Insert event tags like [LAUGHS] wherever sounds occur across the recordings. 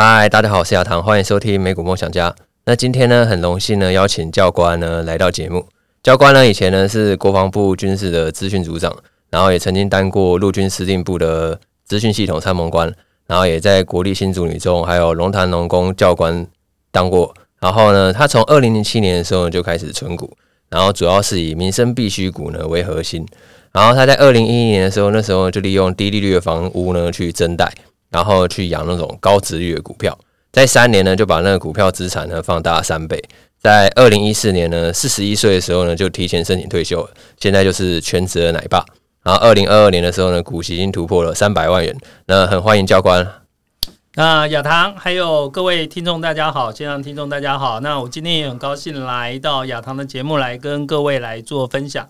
嗨，Hi, 大家好，我是亞唐。歡迎收聽美股夢想家。那今天呢，很榮幸呢邀請教官呢來到節目。教官呢以前呢是國防部軍事的資訊組長，然後也曾經當過陸軍司令部的資訊系統參謀官，然後也在國立新竹女中還有龍潭農工教官當過。然後呢，他從二零零七年的時候就開始存股，然後主要是以民生必需股呢為核心。然後他在二零一一年的時候，那時候就利用低利率的房屋呢去增貸。然後去養那種高殖利率的股票，在三年呢就把那個股票資產呢放大了三倍，在二零一四年呢四十一歲的時候呢就提前申請退休，現在就是全職的奶爸。然後二零二二年的時候呢股息已經突破了三百萬元，那很歡迎教官。那亞棠還有各位聽眾大家好，現場聽眾大家好，那我今天也很高興來到亞棠的節目來跟各位來做分享。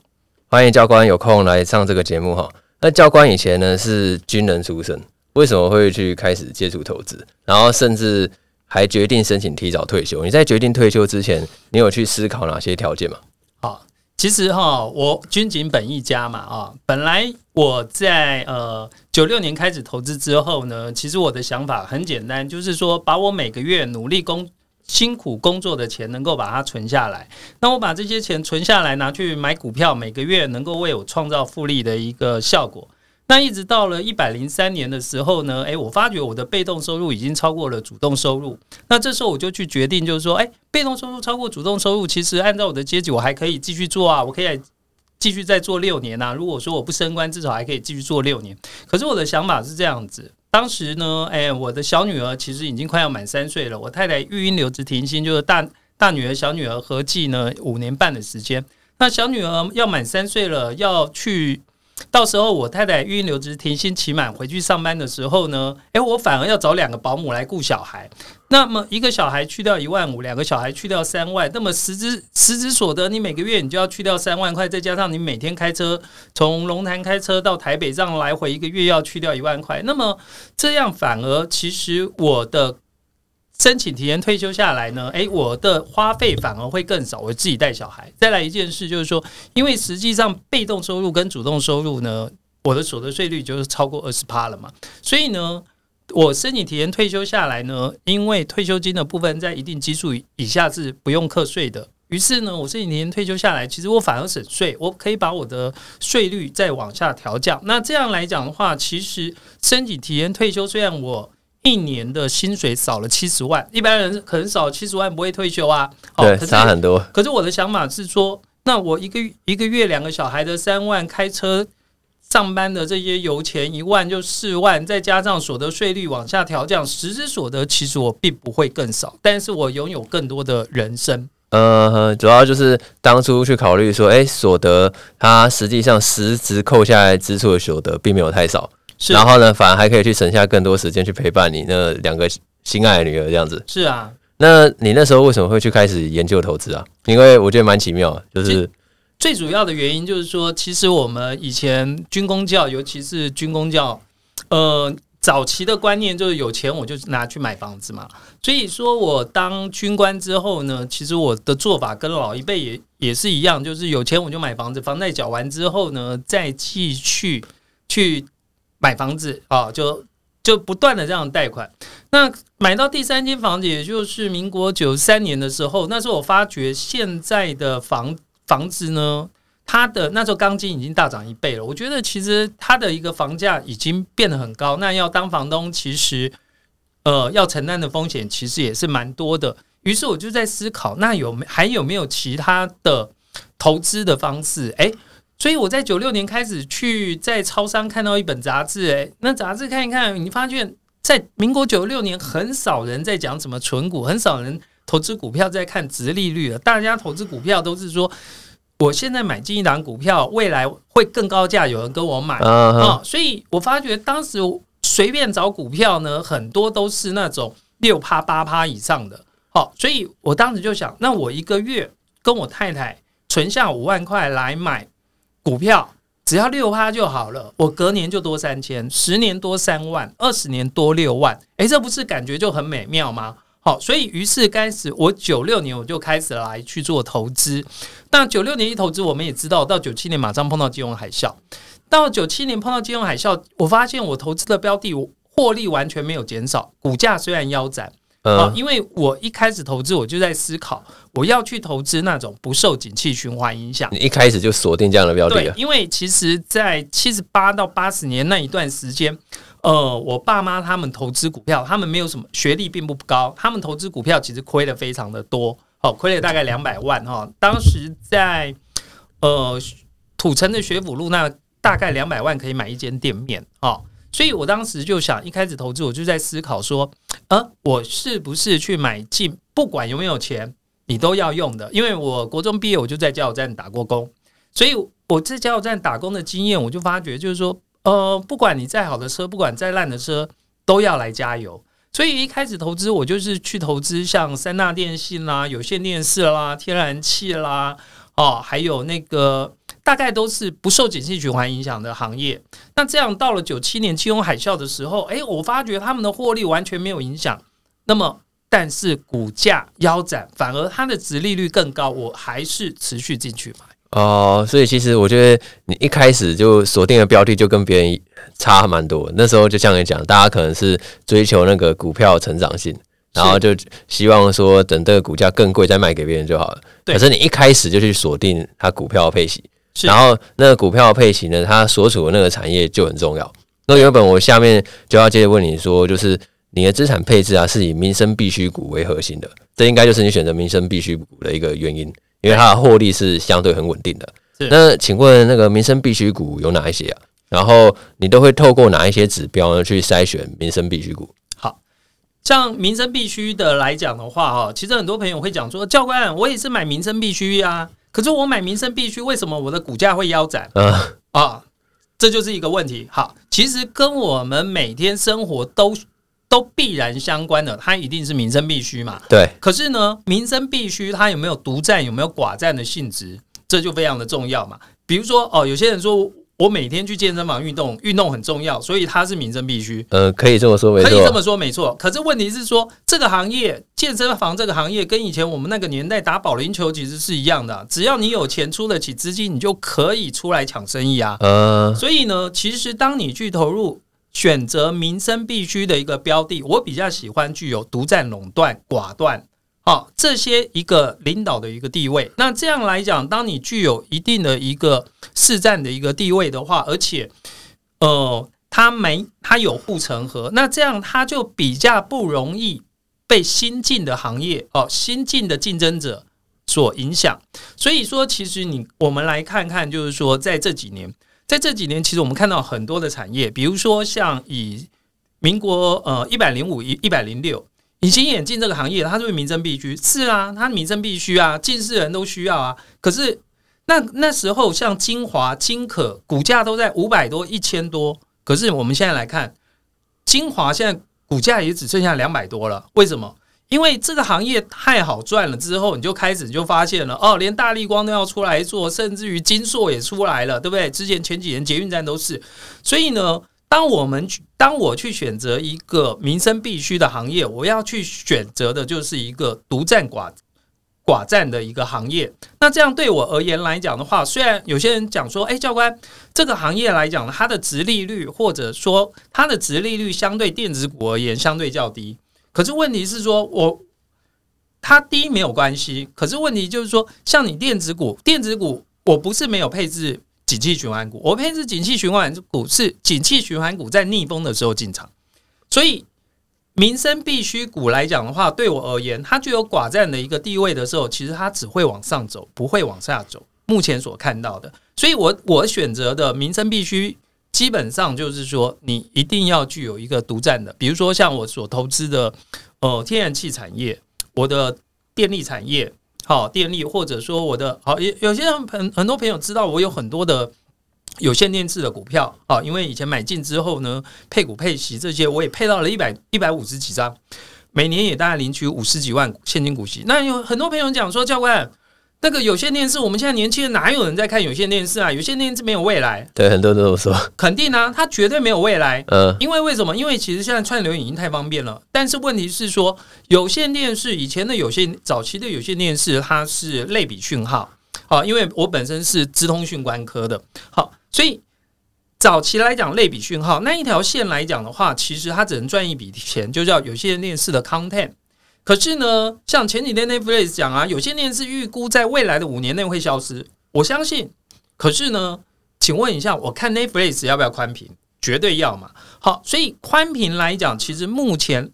歡迎教官有空來上這個節目哈。那教官以前呢是軍人出身，為什麼會去開始接觸投資，然後甚至還決定申請提早退休？你在決定退休之前，你有去思考哪些條件嗎？啊，其實哈，我軍警本一家嘛啊，本來我在呃九六年開始投資之後呢，其實我的想法很簡單，就是說把我每個月努力工辛苦工作的錢能夠把它存下來，那我把這些錢存下來拿去買股票，每個月能夠為我創造複利的一個效果。那一直到了一百零三年的時候呢，哎，我發覺我的被動收入已經超過了主動收入。那這時候我就去決定，就是說，哎，被動收入超過主動收入，其實按照我的階級，我還可以繼續做啊，我可以繼續再做六年吶，啊。如果說我不升官，至少還可以繼續做六年。可是我的想法是這樣子，當時呢，哎，我的小女兒其實已經快要滿三歲了，我太太育嬰留職停薪，就是大大女兒、小女兒合計呢五年半的時間。那小女兒要滿三歲了，要去。到時候我太太育嬰留職停薪期滿回去上班的時候呢，誒、欸，我反而要找兩個保姆來顧小孩。那麼一個小孩去掉一萬五，兩個小孩去掉三萬，那麼實質實質所得，你每個月你就要去掉三萬塊，再加上你每天開車從龍潭開車到台北這樣來回，一個月要去掉一萬塊。那麼這樣反而其實我的。申請提前退休下來呢，誒、欸，我的花費反而會更少，我自己帶小孩。再來一件事就是說，因為實際上被動收入跟主動收入呢，我的所得稅率就是超過二十趴了嘛，所以呢，我申請提前退休下來呢，因為退休金的部分在一定基數以下是不用課稅的，於是呢，我申請提前退休下來，其實我反而省稅，我可以把我的稅率再往下調降。那這樣來講的話，其實申請提前退休雖然我。一年的薪水少了七十萬，一般人可能少七十萬不會退休啊。哦、對，差很多。可是我的想法是說，那我一個一個月兩個小孩的三萬，開車上班的這些油錢一萬就四萬，再加上所得稅率往下調降，實質所得其實我並不會更少，但是我擁有更多的人生。呃，主要就是當初去考慮說，誒、欸，所得它實際上實質扣下來支出的所得並沒有太少。是 然後呢，反而還可以去省下更多時間去陪伴你那兩個心愛的女兒這樣子。是啊，那你那時候為什麼會去開始研究投資啊？因為我覺得蠻奇妙就是最,最主要的原因就是說，其實我們以前軍公教，尤其是軍公教，呃，早期的觀念就是有錢我就拿去買房子嘛。所以說，我當軍官之後呢，其實我的做法跟老一輩也也是一樣，就是有錢我就買房子，房貸繳完之後呢，再繼續去。買房子啊、哦，就就不斷的這樣貸款。那買到第三間房子，也就是民國九十三年的時候，那時候我發覺現在的房房子呢，它的那時候鋼筋已經大漲一倍了。我覺得其實它的一個房價已經變得很高。那要當房東，其實呃，要承擔的風險其實也是蠻多的。於是我就在思考，那有沒有還有沒有其他的投資的方式？誒、欸？所以我在九六年開始去在超商看到一本雜誌，哎，那雜誌看一看，你發現在民國九六年很少人在講什麼存股，很少人投資股票在看殖利率的，大家投資股票都是說，我現在買進一檔股票，未來會更高價有人跟我買啊、uh huh. 哦，所以我發覺當時隨便找股票呢，很多都是那種六趴八趴以上的，好、哦，所以我當時就想，那我一個月跟我太太存下五萬塊來買。股票只要六趴就好了，我隔年就多三千，十年多三萬，二十年多六萬，誒，這不是感覺就很美妙嗎？好，所以於是開始，我九六年我就開始來去做投資。那九六年一投資，我們也知道，到九七年馬上碰到金融海嘯，到九七年碰到金融海嘯，我發現我投資的標的我獲利完全沒有減少，股價雖然腰斬。嗯，因為我一開始投資，我就在思考，我要去投資那種不受景氣循環影響，你一開始就鎖定這樣的標的，對，因為其實，在七十八到八十年那一段時間，呃，我爸媽他們投資股票，他們沒有什麼學歷，並不高，他們投資股票其實虧了非常的多，好，虧了大概兩百萬哈，哦。當時在呃土城的學府路，那大概兩百萬可以買一間店面，哦所以我當時就想，一開始投資，我就在思考說，呃、啊，我是不是去買進，不管有沒有錢，你都要用的。因為我國中畢業我就在加油站打過工，所以我在加油站打工的經驗，我就發覺就是說，呃，不管你再好的車，不管再爛的車，都要來加油。所以一開始投資，我就是去投資像三大電信啦、有線電視啦、天然氣啦，哦，還有那個。大概都是不受景氣循環影響的行業。那這樣到了九七年金融海嘯的時候，誒、欸，我發覺他們的獲利完全沒有影響。那麼，但是股價腰斬，反而它的殖利率更高。我還是持續進去買。哦、呃，所以其實我覺得你一開始就鎖定的標的就跟別人差蠻多。那時候就像你講，大家可能是追求那個股票成長性，然後就希望說等這個股價更貴再賣給別人就好了。是。可是你一開始就去鎖定它股票配息。是 然後那個股票配型呢，它所處的那個產業就很重要。那原本我下面就要接着問你說，就是你的資產配置啊，是以民生必需股為核心的，這應該就是你選擇民生必需股的一個原因，因為它的獲利是相對很穩定的。是 那請問那個民生必需股有哪一些啊？然後你都會透過哪一些指標呢去篩選民生必需股？好像民生必需的來講的話，哈，其實很多朋友會講說，教官，我也是買民生必需呀、啊。可是我買民生必需，為什麼我的股價會腰斬？啊、嗯哦，這就是一個問題。好，其實跟我們每天生活都都必然相關的，它一定是民生必需嘛。對。可是呢，民生必需，它有沒有獨占、有沒有寡占的性質，這就非常的重要嘛。比如說，哦，有些人說。我每天去健身房運動，運動很重要，所以它是民生必需。呃，可以這麼說，可以這麼說，沒錯。可是問題是說，這個行業健身房這個行業跟以前我們那個年代打保齡球其實是一樣的。啊，只要你有錢出得起資金，你就可以出來搶生意啊。嗯，呃、所以呢，其實當你去投入選擇民生必需的一個標的，我比較喜歡具有獨佔壟斷寡斷。好、哦，這些一個領導的一個地位，那這樣來講，當你具有一定的一個市占的一個地位的話，而且，呃，他沒他有護城河，那這樣他就比較不容易被新進的行業哦，新進的競爭者所影響。所以說，其實你我們來看看，就是說在這幾年，在這幾年，其實我們看到很多的產業，比如說像以民國呃一百零五一一百零六。105、106，隱形眼鏡這個行業，它是不是民生必需？是啊，它民生必需啊，近視人都需要啊。可是那那時候，像精華、金可股價都在五百多、一千多。可是我們現在來看，精華現在股價也只剩下兩百多了。為什麼？因為這個行業太好賺了，之後你就開始就發現了哦，連大立光都要出來做，甚至於晶碩也出來了，對不對？之前前幾年捷運站都是，所以呢。當我們去當我去選擇一個民生必需的行業，我要去選擇的就是一個獨占寡寡占的一個行業。那這樣對我而言來講的話，雖然有些人講說，哎、欸，教官這個行業來講，它的殖利率或者說它的殖利率相對電子股而言相對較低，可是問題是說我它低沒有關係，可是問題就是說，像你電子股，電子股我不是沒有配置，景氣循環股，我配置景氣循環股是景氣循環股在逆風的時候進場，所以民生必需股來講的話，對我而言，它具有寡佔的一個地位的時候，其實它只會往上走，不會往下走。目前所看到的，所以我我選擇的民生必需基本上就是說，你一定要具有一個獨佔的，比如說像我所投資的呃天然氣產業，我的電力產業。好，電力，或者說我的好有有些人很多朋友知道我有很多的有線電視的股票啊，因為以前買進之後呢，配股配息這些我也配到了一百一百五十幾張，每年也大概領取五十幾萬現金股息。那有很多朋友講說，教官。那個有線電視，我們現在年輕人哪有人在看有線電視啊？有線電視沒有未來，對，很多人都有說。肯定啊，它絕對沒有未來。嗯，因為為什麼？因為其實現在串流已經太方便了。但是問題是說，有線電視以前的有線早期的有線電視，它是類比訊號。好，因為我本身是資通訊官科的。好，所以早期來講，類比訊號那一條線來講的話，其實它只能賺一筆錢，就叫有線電視的 content。可是呢，像前幾天 Netflix 講啊，有線電視預估在未來的五年內會消失。我相信。可是呢，請問一下，我看 Netflix 要不要寬屏？絕對要嘛。好，所以寬屏來講，其實目前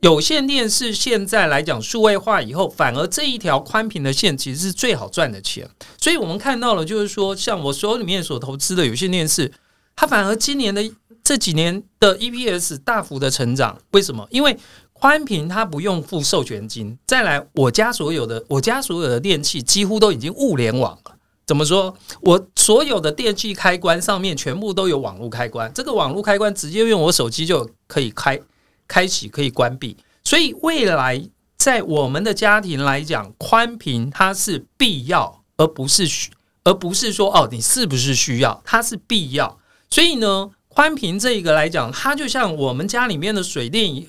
有線電視現在來講數位化以後，反而這一條寬屏的線其實是最好賺的錢。所以我們看到了，就是說，像我手裡面所投資的有線電視，它反而今年的這幾年的 EPS 大幅的成長。為什麼？因為寬屏它不用付授權金，再來，我家所有的我家所有的電器幾乎都已經物聯網了。怎麼說，我所有的電器開關上面全部都有網絡開關，這個網絡開關直接用我手機就可以開開啟，可以關閉。所以未來在我們的家庭來講，寬頻它是必要，而不是需，而不是說哦你是不是需要，它是必要。所以呢，寬頻這一個來講，它就像我們家裡面的水電。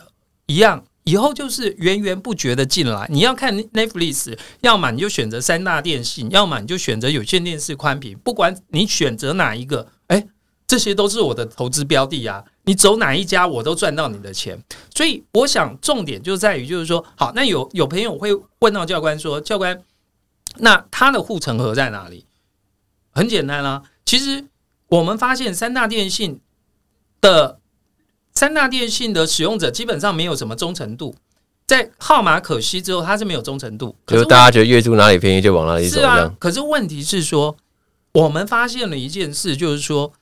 一樣，以後就是源源不絕的進來。你要看 Netflix，要麼你就選擇三大電信，要麼你就選擇有線電視寬頻。不管你選擇哪一個，哎、欸，這些都是我的投資標的呀、啊。你走哪一家，我都賺到你的錢。所以，我想重點就是在於，就是說，好，那有有朋友會問到教官說，教官，那他的護城河在哪裡？很簡單啦、啊，其實我們發現三大電信的。三大電信的使用者基本上沒有什麼忠誠度，在號碼可攜之後，他是沒有忠誠度，可是大家覺得月租哪裡便宜就往哪裡走一樣。可是問題是說，我們發現了一件事，就是說，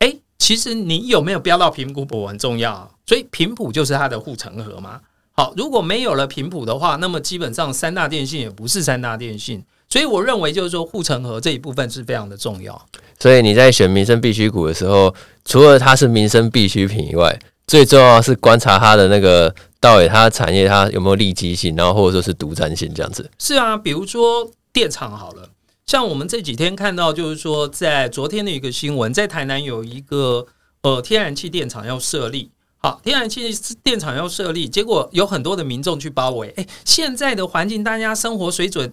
哎，其實你有沒有標到頻譜很重要，所以頻譜就是它的護城河嘛。好，如果沒有了頻譜的話，那麼基本上三大電信也不是三大電信。所以我認為就是說，護城河這一部分是非常的重要。所以你在選民生必需股的時候，除了它是民生必需品以外，最重要是觀察它的那個到底它的產業它有沒有利基性，然後或者說是獨佔性這樣子。是啊，比如說電廠好了，像我們這幾天看到就是說，在昨天的一個新聞，在台南有一個呃天然氣電廠要設立，好，天然氣電廠要設立，結果有很多的民眾去包圍。誒、欸，現在的環境，大家生活水準，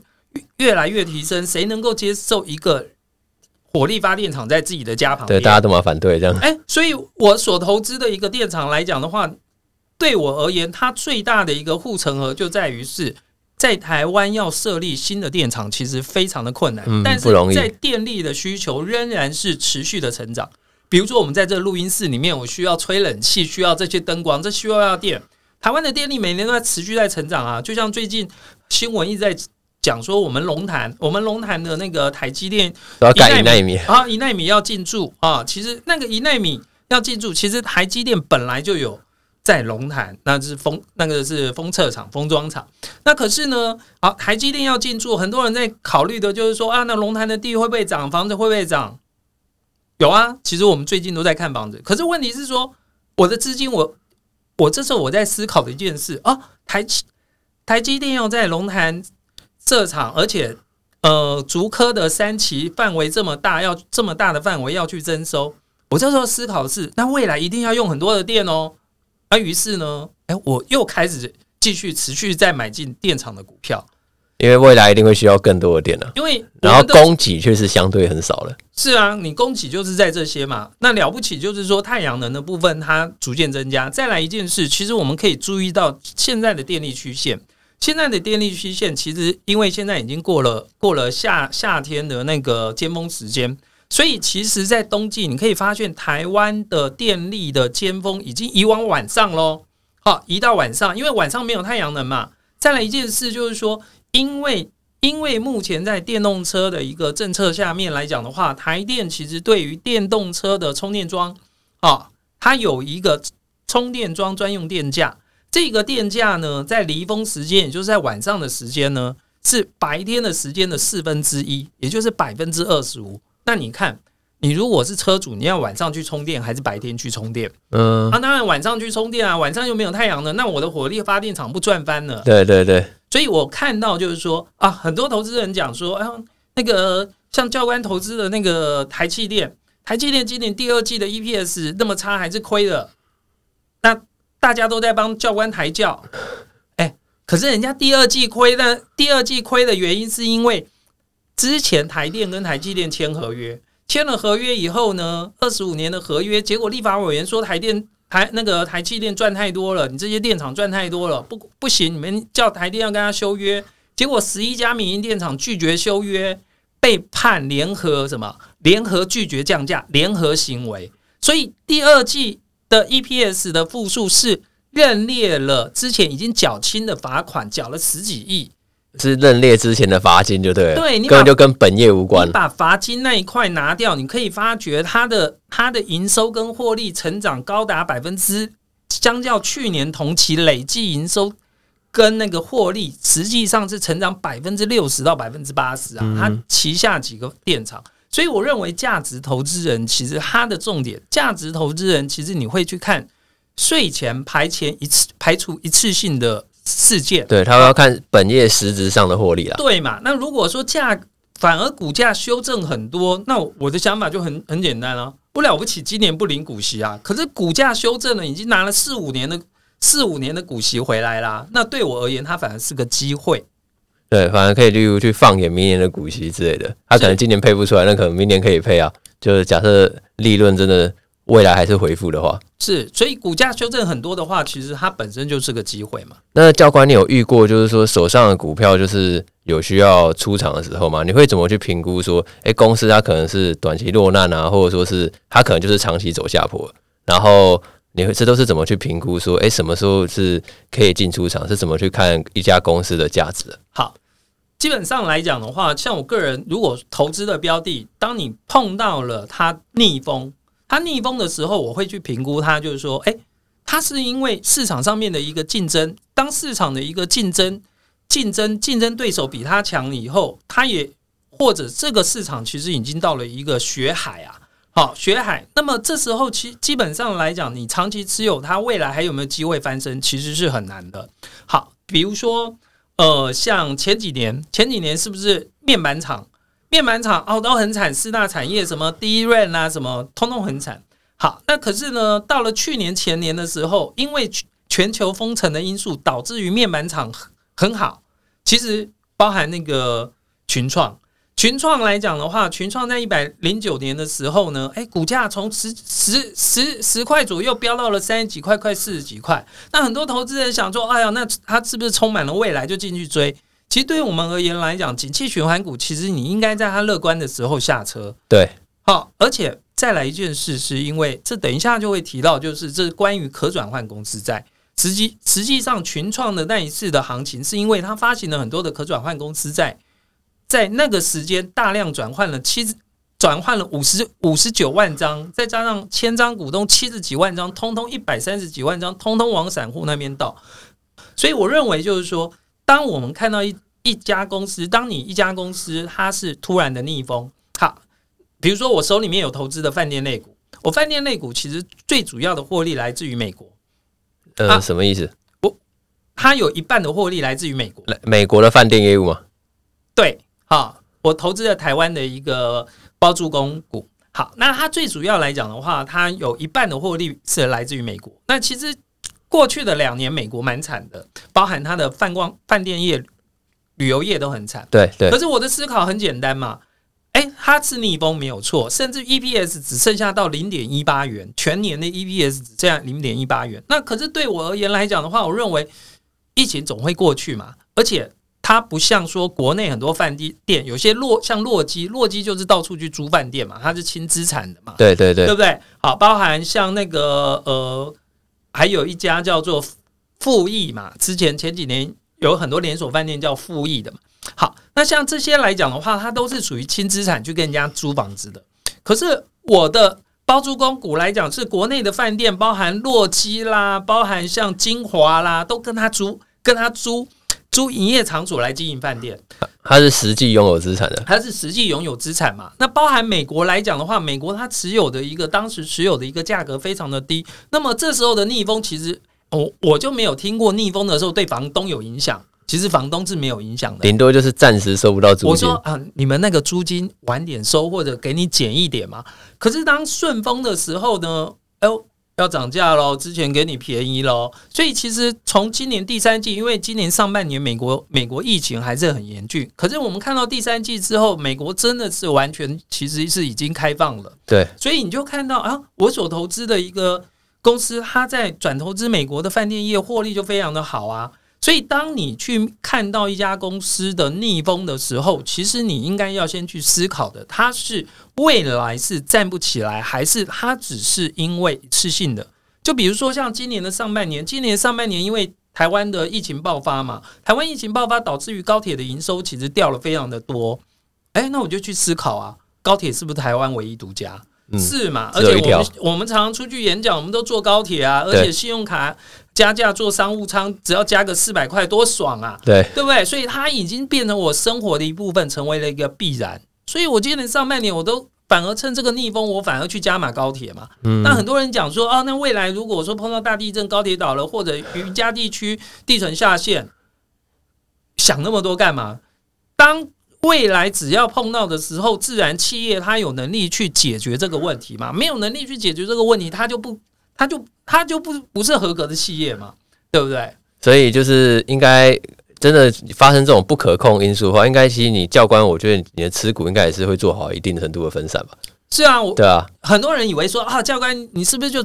越來越提升，誰能夠接受一個火力發電廠在自己的家旁邊？對，大家都嘛反對這樣。哎、欸，所以我所投資的一個電廠來講的話，對我而言，它最大的一個護城河就在於是在台灣要設立新的電廠，其實非常的困難。嗯、不容易、但是在電力的需求仍然是持續的成長。比如說，我們在這錄音室裡面，我需要吹冷氣，需要這些燈光，這需要要電。台灣的電力每年都在持續在成長啊。就像最近新聞一直在。講說我們龍潭，我們龍潭的那個台積電，要改一奈米啊，一奈米要進駐啊。其實那個一奈米要進駐，其實台積電本來就有在龍潭，那是封那個是封測廠、封裝廠。那可是呢，好、啊，台積電要進駐，很多人在考慮的就是說啊，那龍潭的地會不會漲，房子，會不會漲？有啊，其實我們最近都在看房子。可是問題是說，我的資金我，我我這時候我在思考的一件事啊，台積台積電要在龍潭。這場，而且，呃，竹科的三期範圍這麼大，要這麼大的範圍要去徵收，我這時候思考的是，那未來一定要用很多的電哦、喔。而、啊、於是呢，誒、欸，我又開始繼續持續再買進電廠的股票，因為未來一定會需要更多的電呢、啊。因為，然後供給卻是相對很少了。是啊，你供給就是在這些嘛。那了不起就是說，太陽能的部分它逐漸增加。再來一件事，其實我們可以注意到現在的電力曲線。現在的電力曲線其實，因為現在已經過了過了夏夏天的那個尖峰時間，所以其實，在冬季你可以發現，台灣的電力的尖峰已經移往晚上嘍。好、啊，移到晚上，因為晚上沒有太陽能嘛。再來一件事就是說，因為因為目前在電動車的一個政策下面來講的話，台電其實對於電動車的充電樁啊，它有一個充電樁專用電價。這個電價呢，在離峰時間，也就是在晚上的時間呢，是白天的時間的四分之一，也就是百分之二十五。那你看，你如果是車主，你要晚上去充電還是白天去充電？嗯，啊，當然晚上去充電啊，晚上又沒有太陽呢，那我的火力發電廠不賺翻了？對對對。所以我看到就是說啊，很多投資人講說，哎呀，那個像教官投資的那個台氣電，台氣電今年第二季的 EPS 那麼差，還是虧了。那大家都在幫教官抬轎，哎、欸，可是人家第二季虧，但第二季虧的原因是因為之前台電跟台氣電簽合約，簽了合約以後呢，二十五年的合約，結果立法委員說台電台那個台氣電賺太多了，你這些電廠賺太多了，不不行，你們叫台電要跟他修約，結果十一家民營電廠拒絕修約，被判聯合什麼聯合拒絕降價，聯合行為，所以第二季。的 EPS 的負數是認列了之前已經繳清的罰款，繳了十幾億，是認列之前的罰金，就對了。對你把根本就跟本業無關，你把罰金那一塊拿掉，你可以發覺它的它的營收跟獲利成長高達百分之，相較去年同期累計營收跟那個獲利實際上是成長百分之六十到百分之八十啊，它旗下幾個電廠。所以，我認為價值投資人其實，他的重點，價值投資人其實你會去看稅前排前一次排除一次性的事件，對，他要看本業實質上的獲利啦。對嘛？那如果說價反而股價修正很多，那我的想法就很很簡單啊，不了不起，今年不領股息啊。可是股價修正了，已經拿了四五年的四五年的股息回來啦、啊。那對我而言，它反而是個機會。對，反而可以例如去放眼明年的股息之類的，他可能今年配不出來，是那可能明年可以配啊。就是假設利潤真的未來還是恢復的話，是，所以股價修正很多的話，其實它本身就是個機會嘛。那教官，你有遇過就是說手上的股票就是有需要出場的時候嗎？你會怎麼去評估說，誒、欸，公司它可能是短期落難啊，或者說是它可能就是長期走下坡，然後你會這都是怎麼去評估說，誒、欸，什麼時候是可以進出場？是怎麼去看一家公司的價值？好。基本上來講的話，像我個人如果投資的標的，當你碰到了它逆風，它逆風的時候，我會去評估它，就是說，誒，它是因為市場上面的一個競爭，當市場的一個競爭競爭競爭對手比它強以後，它也或者這個市場其實已經到了一個血海啊，好，血海，那麼這時候其基本上來講，你長期持有它，未來還有沒有機會翻身，其實是很難的。好，比如說。呃，像前幾年，前幾年是不是面板廠？面板廠哦，都很慘，四大產業什麼 DRAM 啊，什麼通通很慘。好，那可是呢，到了去年前年的時候，因為全球封城的因素，導致於面板廠很好，其實包含那個群創。群創來講的話，群創在一百零九年的時候呢，哎、欸，股價從十十十十塊左右飆到了三十幾塊、快四十幾塊。那很多投資人想說：“哎呀，那它是不是充滿了未來就進去追？”其實對於我們而言來講，景氣循環股，其實你應該在它樂觀的時候下車。對，好，而且再來一件事，是因為這等一下就會提到，就是這是關於可轉換公司債。實際實際上，群創的那一次的行情，是因為它發行了很多的可轉換公司債。在那個時間，大量轉換了七十，轉換了五十五十九萬張，再加上千張股東七十幾萬張，通通一百三十幾萬張，通通往散戶那邊倒。所以，我認為就是說，當我們看到一一家公司，當你一家公司它是突然的逆風，好，比如說我手裡面有投資的飯店類股，我飯店類股其實最主要的獲利來自於美國。呃，什麼意思？我它有一半的獲利來自於美國，美國的飯店業務嗎？對。好，我投資了台灣的一個包租公股。好，那它最主要來講的話，它有一半的獲利是來自於美國。那其實過去的兩年，美國蠻慘的，包含它的飯館、飯店業、旅遊業都很慘。對對。可是我的思考很簡單嘛，哎、欸，它是逆風沒有錯，甚至 EPS 只剩下到零點一八元，全年的 EPS 只剩下零點一八元。那可是對我而言來講的話，我認為疫情總會過去嘛，而且。它不像說國內很多飯店，店有些落像洛基，洛基就是到處去租飯店嘛，它是輕資產的嘛，對對對，對不對？好，包含像那個呃，還有一家叫做富富邑嘛，之前前幾年有很多連鎖飯店叫富邑的嘛。好，那像這些來講的話，它都是屬於輕資產去跟人家租房子的。可是我的包租公股來講，是國內的飯店，包含洛基啦，包含像金華啦，都跟他租，跟他租。租營業場所來經營飯店，它是實際擁有資產的，它是實際擁有資產嘛。那包含美國來講的話，美國它持有的一個當時持有的一個價格非常的低，那麼這時候的逆風，其實我、哦、我就沒有聽過逆風的時候對房東有影響，其實房東是沒有影響的，頂多就是暫時收不到租金。我說啊，你們那個租金晚點收或者給你減一點嘛？可是當順風的時候呢？誒、呃。要漲價咯，之前給你便宜咯。所以其實從今年第三季，因為今年上半年美國美國疫情還是很嚴峻，可是我們看到第三季之後，美國真的是完全其實是已經開放了。對，所以你就看到啊，我所投資的一個公司，它在轉投資美國的飯店業，獲利就非常的好啊。所以，當你去看到一家公司的逆風的時候，其實你應該要先去思考的，它是未來是站不起來，還是它只是因為一次性的？就比如說像今年的上半年，今年上半年因為台灣的疫情爆發嘛，台灣疫情爆發導致於高鐵的營收其實掉了非常的多。哎、欸，那我就去思考啊，高鐵是不是台灣唯一獨家？嗯、是嘛？而且我們我們常常出去演講，我們都坐高鐵啊，而且信用卡。加價做商務艙，只要加個四百塊，多爽啊！對，對不對？所以它已經變成我生活的一部分，成為了一個必然。所以我今年上半年，我都反而趁這個逆風，我反而去加碼高鐵嘛。嗯、那很多人講說，哦，那未來如果說碰到大地震，高鐵倒了，或者雲嘉地區地層下陷，想那麼多幹嘛？當未來只要碰到的時候，自然企業它有能力去解決這個問題嘛？沒有能力去解決這個問題，它就不。他就他就不不是合格的企業嘛，對不對？所以就是應該真的發生這種不可控因素的話，應該其實你教官，我覺得你的持股應該也是會做好一定程度的分散吧。是啊，我對啊，很多人以為說啊，教官你是不是就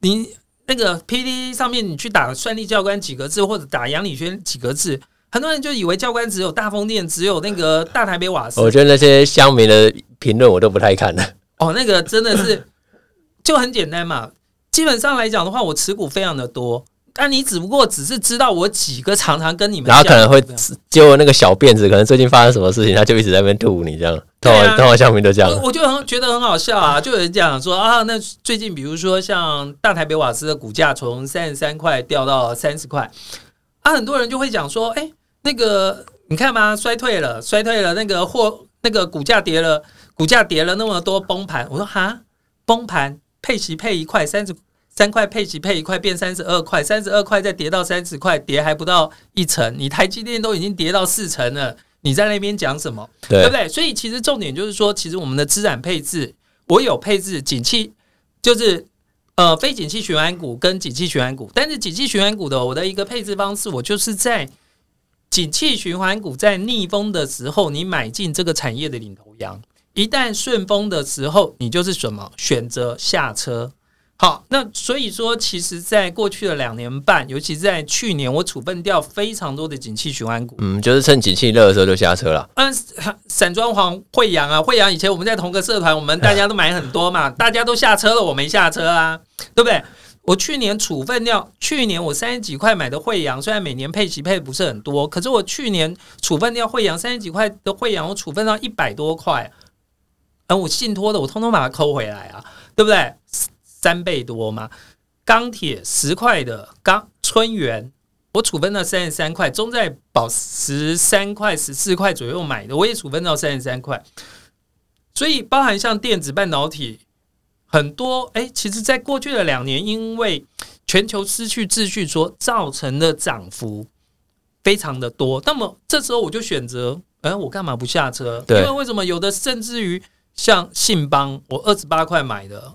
你那個 PTT 上面，你去打“算利教官”幾個字，或者打“楊禮軒”幾個字，很多人就以為教官只有大豐電，只有那個大台北瓦斯。我覺得那些鄉民的評論我都不太看了。哦，那個真的是 [LAUGHS] 就很簡單嘛。基本上來講的話，我持股非常的多，但、啊、你只不過只是知道我幾個常常跟你們，然後可能會揪那個小辮子，可能最近發生什麼事情，他就一直在那邊吐你這樣。對啊、通話、通話、下面都這樣。我就很覺得很好笑啊！就有人講說啊，那最近比如說像大台北瓦斯的股價從三十三塊掉到三十塊。啊，很多人就會講說，哎、欸，那個你看嘛，衰退了，衰退了，那那個貨那個股價跌了，股價跌了那麼多，崩盤。我說哈，崩盤，配息配一塊三十。30三塊配息，配一塊變三十二塊，三十二塊再跌到三十塊，跌還不到一成。你台積電都已經跌到四成了，你在那邊講什麼？對，對不對？所以其實重點就是說，其實我們的資產配置，我有配置景氣，就是呃非景氣循環股跟景氣循環股。但是景氣循環股的我的一個配置方式，我就是在景氣循環股在逆風的時候，你買進這個產業的領頭羊；一旦順風的時候，你就是什麼選擇下車。好，那所以說，其實在過去的兩年半，尤其是在去年，我處分掉非常多的景氣循環股。嗯，就是趁景氣熱的時候就下車了。嗯，散、嗯、裝、黃惠陽啊，惠陽以前我們在同個社團，我們大家都買很多嘛，呵呵呵大家都下車了，我沒下車啊，對不對？我去年處分掉，去年我三十幾塊買的惠陽，雖然每年配息配不是很多，可是我去年處分掉惠陽三十幾塊的惠陽，我處分到一百多塊。嗯，我信托的，我通通把它摳回來啊，對不對？三倍多嘛？鋼鐵十塊的鋼春元，我處分了三十三塊。中在保十三塊十四塊左右買的，我也處分到三十三塊。所以包含像電子半導體很多，哎、欸，其實在過去的兩年，因為全球失去秩序所造成的漲幅非常的多。那麼這時候我就選擇，哎、欸，我干嘛不下車？對因為為什麼有的甚至於像信邦，我二十八塊買的。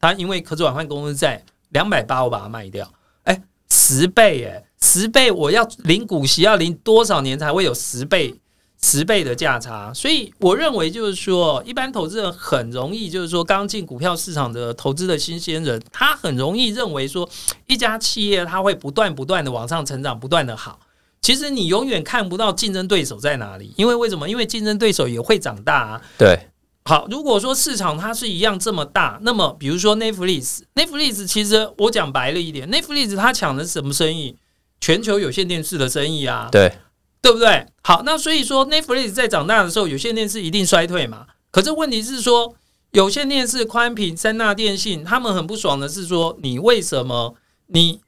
他因為可轉換公司債在兩百八，我把它賣掉，哎、欸，十倍耶、欸，十倍！我要領股息要領多少年才會有十倍十倍的價差？所以我認為就是說，一般投資人很容易，就是說剛進股票市場的投資的新鮮人，他很容易認為說，一家企業他會不斷不斷的往上成長，不斷的好。其實你永遠看不到競爭對手在哪裡，因為為什麼？因為競爭對手也會長大啊。對。好，如果說市場它是一樣這麼大，那麼比如說 Netflix，Netflix 其實我講白了一點，Netflix 它搶的是什麼生意？全球有線電視的生意啊，對，對不對？好，那所以說 Netflix 在長大的時候，有線電視一定衰退嘛。可是問題是說，有線電視、寬頻、三大電信，他們很不爽的是說，你為什麼你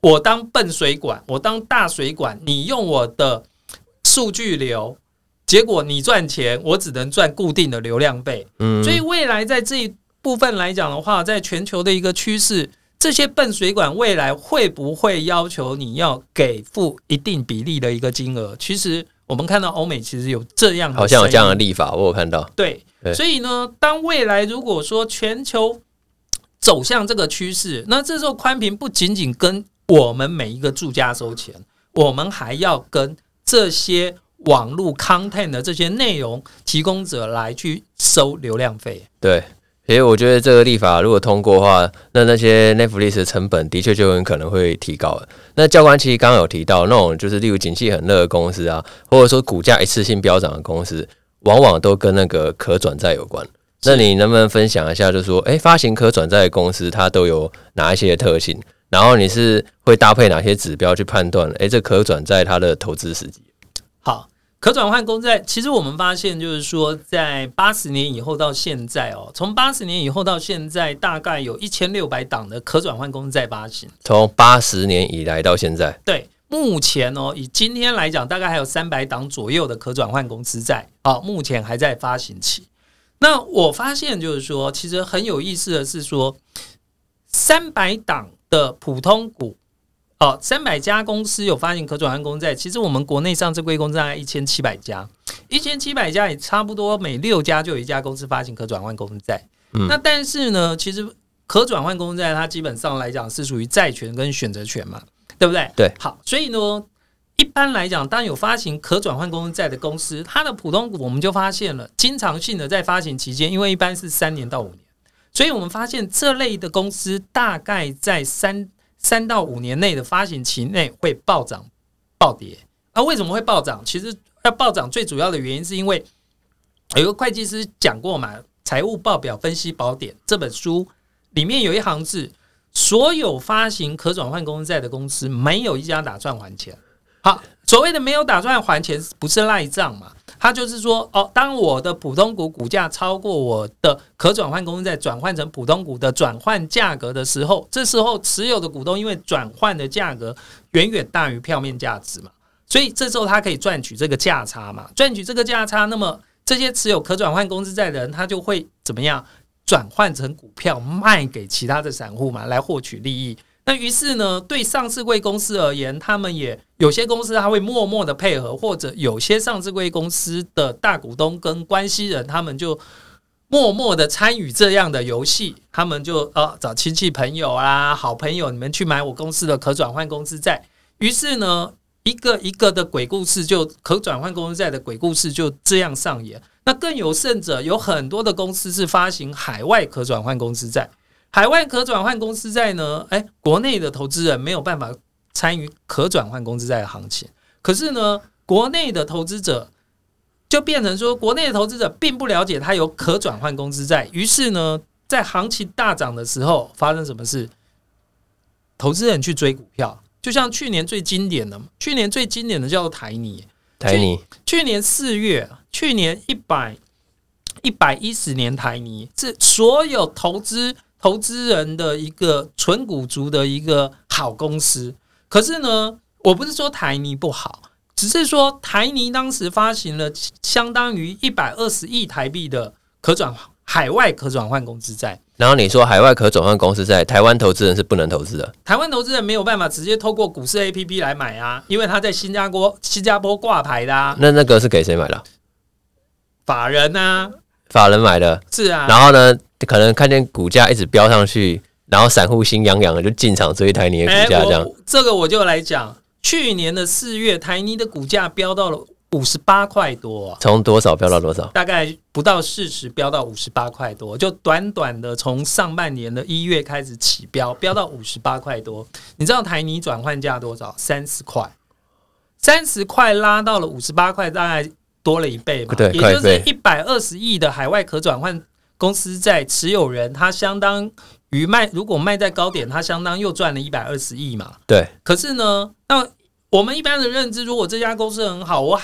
我當笨水管，我當大水管，你用我的數據流。結果你賺錢，我只能賺固定的流量費。嗯嗯所以未來在這一部分來講的話，在全球的一個趨勢，這些笨水管未來會不會要求你要給付一定比例的一個金額？其實我們看到歐美其實有這樣的，好像有這樣的立法，我有看到。對，對所以呢，當未來如果說全球走向這個趨勢，那這時候寬頻不僅僅跟我們每一個住家收錢，我們還要跟這些。網絡 content 的這些內容提供者來去收流量費。對，所、欸、以我覺得這個立法如果通過的話，那那些 Netflix 的成本的確就很可能會提高。那教官其實剛剛有提到，那種就是例如景氣很熱的公司啊，或者說股價一次性飆漲的公司，往往都跟那個可轉債有關。是那你能不能分享一下，就是說，哎、欸，發行可轉債的公司它都有哪一些特性？然後你是會搭配哪些指標去判斷，哎、欸，這可轉債它的投資時機？好。可轉換公債，其實我們發現就是說，在八十年以後到現在哦，從八十年以後到現在，大概有一千六百檔的可轉換公司債發行。從八十年以來到現在，對，目前哦，以今天來講，大概還有三百檔左右的可轉換公司債啊，目前還在發行期。那我發現就是說，其實很有意思的是說，三百檔的普通股。好，三百家公司有發行可轉換公司債。其實我們國內上市櫃公司大概一千七百家，一千七百家也差不多每六家就有一家公司發行可轉換公司債。嗯，那但是呢，其實可轉換公司債它基本上來講是屬於債權跟選擇權嘛，對不對？對。好，所以呢，一般來講，當有發行可轉換公司債的公司，它的普通股我們就發現了，經常性的在發行期間，因為一般是三年到五年，所以我們發現這類的公司大概在三。三到五年內的發行期內會暴漲暴跌，那、啊、為什麼會暴漲？其實要暴漲最主要的原因是因為，有個會計師講過嘛，《財務報表分析寶典》這本書裡面有一行字：所有發行可轉換公司債的公司沒有一家打算還錢。好，所謂的沒有打算還錢，不是賴賬嘛？他就是說，哦，當我的普通股股價超過我的可轉換公司債轉換成普通股的轉換價格的時候，這時候持有的股東因為轉換的價格遠遠大於票面價值嘛，所以這時候他可以賺取這個價差嘛，賺取這個價差，那麼這些持有可轉換公司債的人，他就會怎麼樣轉換成股票賣給其他的散戶嘛，來獲取利益。那於是呢，對上市櫃公司而言，他們也有些公司他會默默的配合，或者有些上市櫃公司的大股東跟關係人，他們就默默的參與這樣的遊戲。他們就呃、哦、找親戚朋友啊，好朋友，你們去買我公司的可轉換公司債。於是呢，一個一個的鬼故事就，就可轉換公司債的鬼故事就這樣上演。那更有甚者，有很多的公司是發行海外可轉換公司債。海外可轉換公司債呢？哎、欸，國內的投資人沒有辦法參與可轉換公司債的行情。可是呢，國內的投資者就變成說，國內的投資者並不了解它有可轉換公司債。於是呢，在行情大漲的時候，發生什麼事？投資人去追股票，就像去年最經典的，去年最經典的叫做台泥。台泥去，去年四月，去年一百一百一十年台泥是所有投資。投資人的一個存股族的一個好公司，可是呢，我不是說台泥不好，只是說台泥當時發行了相當於一百二十億台幣的可轉海外可轉換公司債。然後你說海外可轉換公司債，台灣投資人是不能投資的，台灣投資人沒有辦法直接透過股市 APP 來買啊，因為他在新加坡、新加坡掛牌的啊。那那個是給誰買的啊？法人啊，法人買的。是啊，然後呢？可能看見股價一直飆上去，然後散戶心癢癢的就進場追台泥的股價這樣、欸。這個我就來講，去年的四月，台泥的股價飆到了五十八塊多，從多少飆到多少？大概不到四十，飆到五十八塊多，就短短的從上半年的一月開始起飆，飆到五十八塊多。 [LAUGHS] 你知道台泥轉換價多少？三十塊，三十塊拉到了五十八塊，大概多了一倍吧？對，也就是一百二十億的海外可轉換。公司債持有人，他相當於賣，如果賣在高點，他相當又賺了一百二十億嘛。對。可是呢，那我們一般的認知，如果這家公司很好，我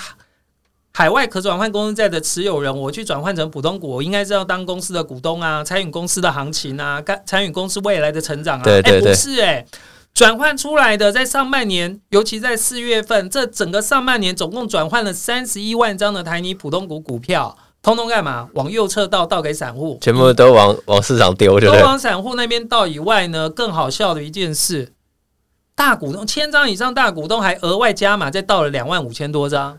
海外可轉換公司債的持有人，我去轉換成普通股，我應該是要當公司的股東啊，參與公司的行情啊，參與公司未來的成長啊。對對對。欸、不是哎、欸，轉換出來的，在上半年，尤其在四月份，這整個上半年總共轉換了三十一萬張的台泥普通股股票。通通幹嘛？往右側倒，倒給散戶，全部都往往市場丟，掉、嗯，都往散戶那邊倒以外呢，更好笑的一件事，大股東千張以上大股東還額外加碼，再倒了兩萬五千多張，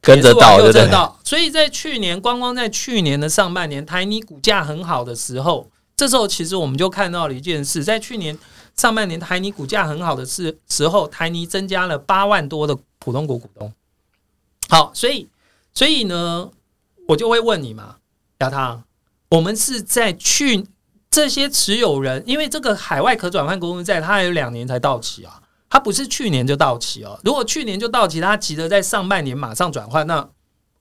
跟着倒，跟着倒，對，對，對？所以在去年，光光在去年的上半年，台泥股價很好的時候，這時候其實我們就看到了一件事，在去年上半年台泥股價很好的時時候，台泥增加了八萬多的普通股股東。好，所以，所以呢？我就會問你嘛，亞湯，我們是在去這些持有人，因為這個海外可轉換公司債，它還有兩年才到期啊，它不是去年就到期哦。如果去年就到期，他急着在上半年馬上轉換，那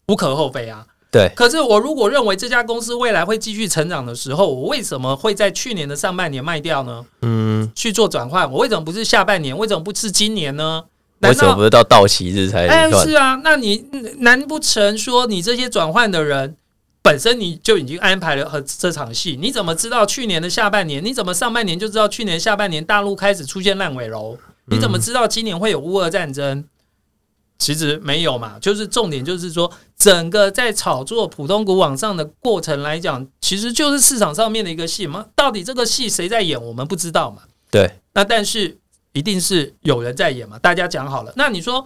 無可厚非啊。對，可是我如果認為這家公司未來會繼續成長的時候，我為什麼會在去年的上半年賣掉呢？嗯，去做轉換，我為什麼不是下半年？為什麼不是今年呢？為什麼不是到到期日才？哎，是啊，那你難不成說，你這些轉換的人本身你就已經安排了和這場戲？你怎麼知道去年的下半年？你怎麼上半年就知道去年下半年大陸開始出現爛尾樓？你怎麼知道今年會有烏俄戰爭？嗯、其實沒有嘛，就是重點就是說，整個在炒作普通股往上的過程來講，其實就是市場上面的一個戲嘛。到底這個戲誰在演，我們不知道嘛。對，那但是。一定是有人在演嘛？大家講好了。那你說，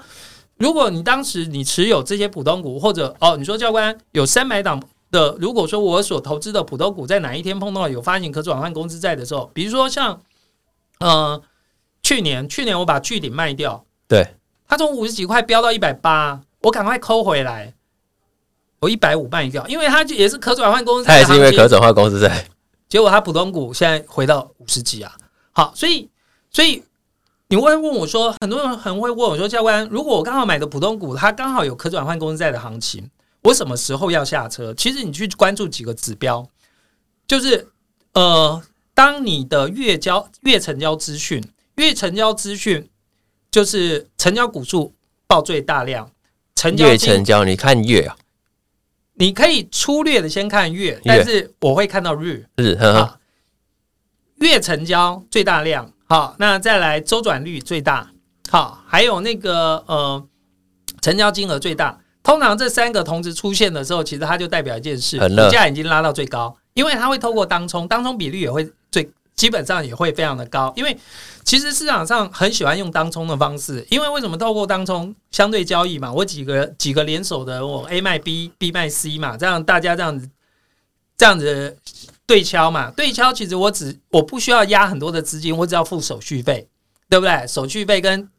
如果你當時你持有這些普通股，或者哦，你說教官有三百檔的，如果說我所投資的普通股在哪一天碰到了有發行可轉換公司債的時候，比如說像，嗯、呃，去年去年我把去頂賣掉，對，它從五十幾塊飆到一百八，我趕快摳回來，我一百五賣掉，因為他就也是可轉換公司債，他也是因為可轉換公司債，結果他普通股現在回到五十幾啊。好，所以所以。你會問我說，很多人很會問我說，教官，如果我剛好買的普通股，它剛好有可轉換公司債的行情，我什麼時候要下車？其實你去關注幾個指標，就是呃，當你的月交月成交資訊，月成交資訊就是成交股數報最大量，成交月成交，你看月啊，你可以粗略的先看月，月但是我會看到日，日哈哈，月成交最大量。好，那再來週轉率最大，好，還有那個呃，成交金額最大。通常這三個同時出現的時候，其實它就代表一件事，股價已經拉到最高，因為它會透過當沖，當沖比率也會最，基本上也會非常的高。因為其實市場上很喜歡用當沖的方式，因為為什麼透過當沖相對交易嘛？我幾個幾個聯手的，我 A 賣 B，B 賣 C 嘛，這樣大家這樣子，這樣子。對敲嘛，對敲其實我只我不需要押很多的資金，我只要付手續費，對不對？手續費跟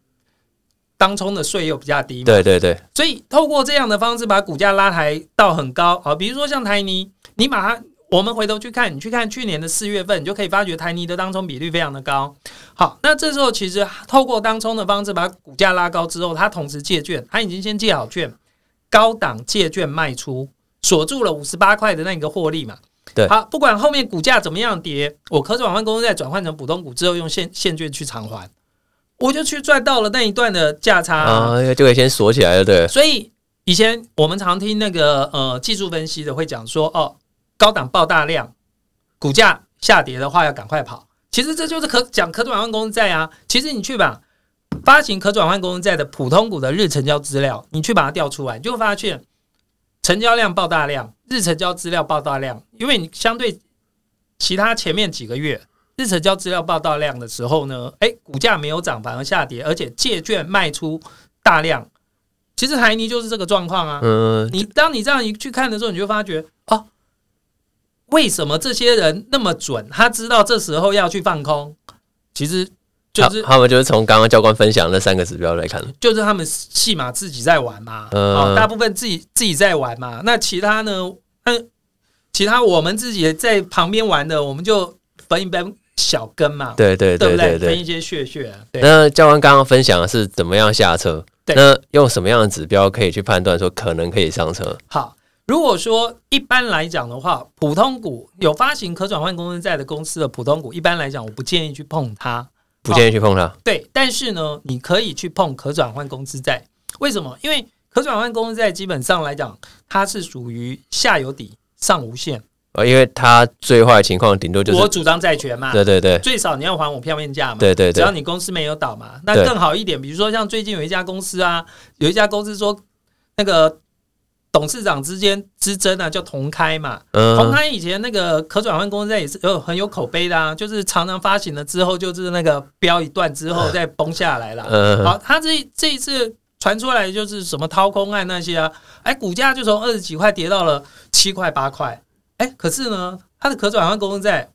當沖的稅又比較低嘛，對對對。所以透過這樣的方式，把股價拉抬到很高，好，比如說像台泥，你把它，我們回頭去看，你去看去年的四月份，你就可以發覺台泥的當沖比率非常的高。好，那這時候其實透過當沖的方式把股價拉高之後，它同時借券，它已經先借好券，高檔借券賣出，鎖住了五十八塊的那個獲利嘛。對 好，不管後面股價怎麼樣跌，我可轉換公司債轉換成普通股之後，用現現券去償還，我就去賺到了那一段的價差啊，就可以先鎖起來了，對。所以以前我們常聽那個呃技術分析的會講說，哦，高檔爆大量，股價下跌的話要趕快跑。其實這就是可講可轉換公司債啊。其實你去把發行可轉換公司債的普通股的日成交資料，你去把它調出來，你就會發現。成交量爆大量，日成交資料爆大量，因為你相對其他前面幾個月日成交資料爆大量的時候呢，哎，股價沒有漲，反而下跌，而且借券賣出大量，其實台泥就是這個狀況啊。嗯、呃，你當你這樣一去看的時候，你就發覺啊，為什麼這些人那麼準？他知道這時候要去放空，其實。就是他，他們就是從剛剛教官分享的那三個指標來看，就是、就是他們戲碼自己在玩嘛，嗯哦、大部分自己自己在玩嘛。那其他呢？嗯、呃，其他我們自己在旁邊玩的，我們就分一分小羹嘛。對，對對對對對，對不對，分一些屑屑，啊。那教官剛剛分享的是怎麼樣下車？對，那用什麼樣的指標可以去判斷說可能可以上車？好，如果說一般來講的話，普通股有發行可轉換公司債的公司的普通股，一般來講我不建議去碰它。不建議去碰它。對，但是呢，你可以去碰可轉換公司債。為什麼？因為可轉換公司債基本上來講，它是屬於下有底、上無限。呃，因為它最壞的情況頂多就是我主張債權嘛。對對對，最少你要還我票面價嘛。對對對，只要你公司沒有倒嘛，對對對，那更好一點。比如說，像最近有一家公司啊，有一家公司說那個。董事長之間之爭啊，叫同開嘛。Uh huh. 同開以前那個可轉換公司債也是有很有口碑的啊，就是常常發行了之後，就是那個飆一段之後再崩下來了。Uh huh. 好，他這這一次傳出來就是什麼掏空案那些啊，哎、欸，股價就從二十幾塊跌到了七塊八塊。哎、欸，可是呢，他的可轉換公司債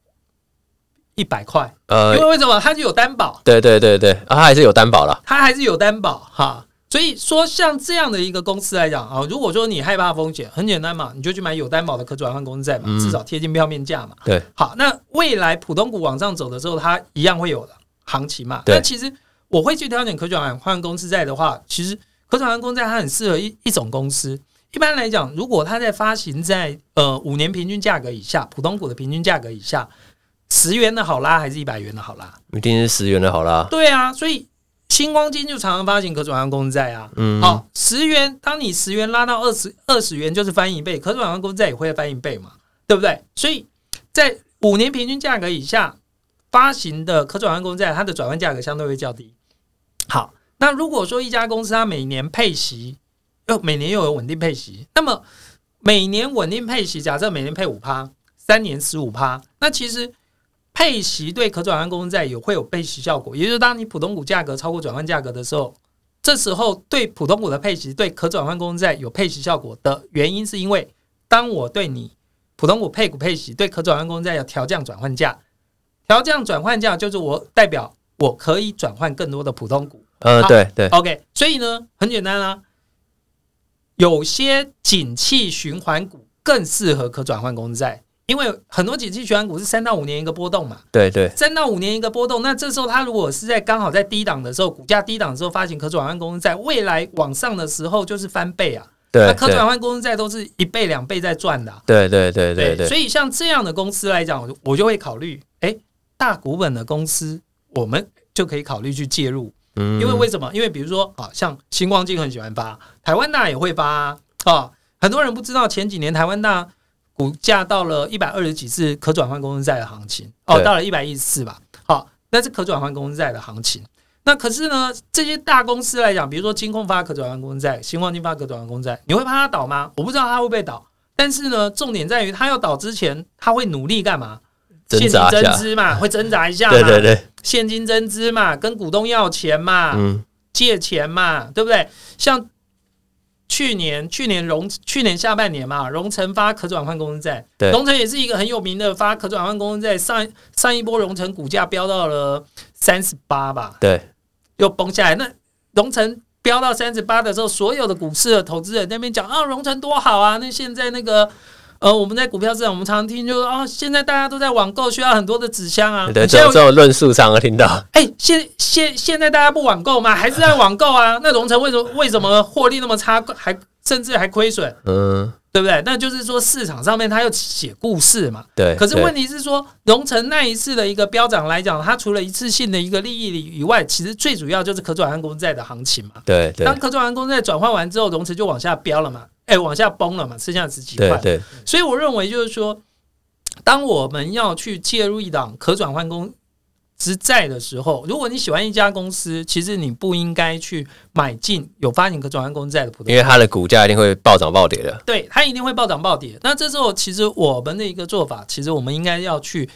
一百塊，呃、uh huh. 因為為什麼它就有擔保？對對對對，他還是有擔保了，他還是有擔保,有擔保哈。所以說，像這樣的一個公司來講啊，如果說你害怕風險，很簡單嘛，你就去買有擔保的可轉換公司債嘛，嗯、至少貼近票面價嘛。對，好，那未來普通股往上走的時候，它一樣會有的行情嘛。對，那其實我會去挑選可轉換公司債的話，其實可轉換公司債它很適合一一種公司。一般來講，如果它在發行在呃五年平均價格以下，普通股的平均價格以下，十元的好啦，還是一百元的好啦？一定是十元的好啦。對啊，所以。新光金就常常發行可轉換公司債啊，好、嗯嗯哦，十元，當你十元拉到二十二十元，就是翻一倍，可轉換公司債也會翻一倍嘛，對不對？所以在五年平均價格以下發行的可轉換公司債，它的轉換價格相對會較低。好，那如果說一家公司它每年配息，又、呃、每年又有穩定配息，那麼每年穩定配息，假設每年配五趴，三年十五趴，那其實。配息對可轉換公司債有會有配息效果，也就是當你普通股價格超過轉換價格的時候，這時候對普通股的配息對可轉換公司債有配息效果的原因，是因為當我對你普通股配股配息，對可轉換公司債要調降轉換價，調降轉換價就是我代表我可以轉換更多的普通股。呃，對對，OK，所以呢，很簡單啊，有些景氣循環股更適合可轉換公司債。因為很多景氣循環股是三到五年一個波動嘛，對對，三到五年一個波動。那這時候它如果是在剛好在低檔的時候，股價低檔的時候，發行可轉換公司債，未來往上的時候就是翻倍啊。那可轉換公司債都是一倍兩倍在賺的。對對對對。所以像這樣的公司來講，我就會考慮，哎、欸，大股本的公司，我們就可以考慮去介入。嗯，因為為什麼？因為比如說啊，像新光金很喜歡發，台灣大也會發啊。很多人不知道前幾年台灣大，股價到了一百二十幾次可轉換公司債的行情對 哦，到了一百一十四吧。好，那是可轉換公司債的行情。那可是呢，這些大公司來講，比如說金控發可轉換公司債，新光金發可轉換公司債，你會怕它倒嗎？我不知道它會不會倒，但是呢，重點在於它要倒之前，它會努力幹嘛？掙扎一下現金增資嘛，會掙扎一下嘛，對對對，現金增資嘛，跟股東要錢嘛，嗯、借錢嘛，對不對？像。去年去年榮去年下半年嘛，榮成發可轉換公司債。對，榮成也是一個很有名的發可轉換公司債。上上一波榮成股價飆到了三十八吧？對，又崩下來。那榮成飆到三十八的時候，所有的股市的投資人在那邊講啊，榮成多好啊！那現在那個。呃，我們在股票市場，我們常、常聽就是說哦，現在大家都在網購，需要很多的紙箱啊。對、對、對，對，對。只有這種論述上能聽到。哎、欸，現現現在大家不網購嗎？還是在網購啊？ [LAUGHS] 那榮成為什麼為什麼獲利那麼差，還甚至還虧損？嗯，對不對？那就是說市場上面它又寫故事嘛。對、對。可是問題是說，榮成那一次的一個飆漲來講，它除了一次性的一個利益裡以外，其實最主要就是可轉換公司債的行情嘛。對對、對。當可轉換公司債轉換完之後，榮成就往下飆了嘛。哎、欸，往下崩了嘛，剩下十幾塊。對對。所以我認為就是說，當我們要去介入一檔可轉換公司債的時候，如果你喜歡一家公司，其實你不應該去買進有發行可轉換公司債的股票，因為它的股價一定會暴漲暴跌的。對，它一定會暴漲暴跌。那這時候其實我們的一個做法，其實我們應該要去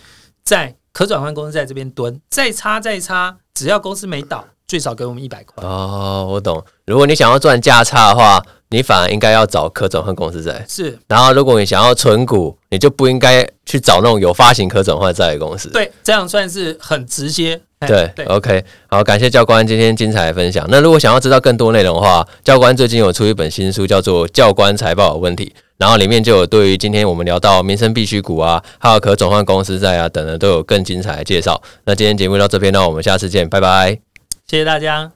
在可轉換公司債這邊蹲，再差再差，只要公司沒倒，最少給我們一百塊。哦，我懂。如果你想要賺價差的話。你反而應該要找可轉換公司債，是。然後，如果你想要存股，你就不應該去找那種有發行可轉換債的公司。對，這樣算是很直接。對，對，OK，好，感謝教官今天精彩的分享。那如果想要知道更多內容的話，教官最近有出一本新書，叫做《教官財報有問題》，然後裡面就有對於今天我們聊到民生必需股啊，還有可轉換公司債啊等等，都有更精彩的介紹。那今天節目到這邊，那我們下次見，拜拜，謝謝大家。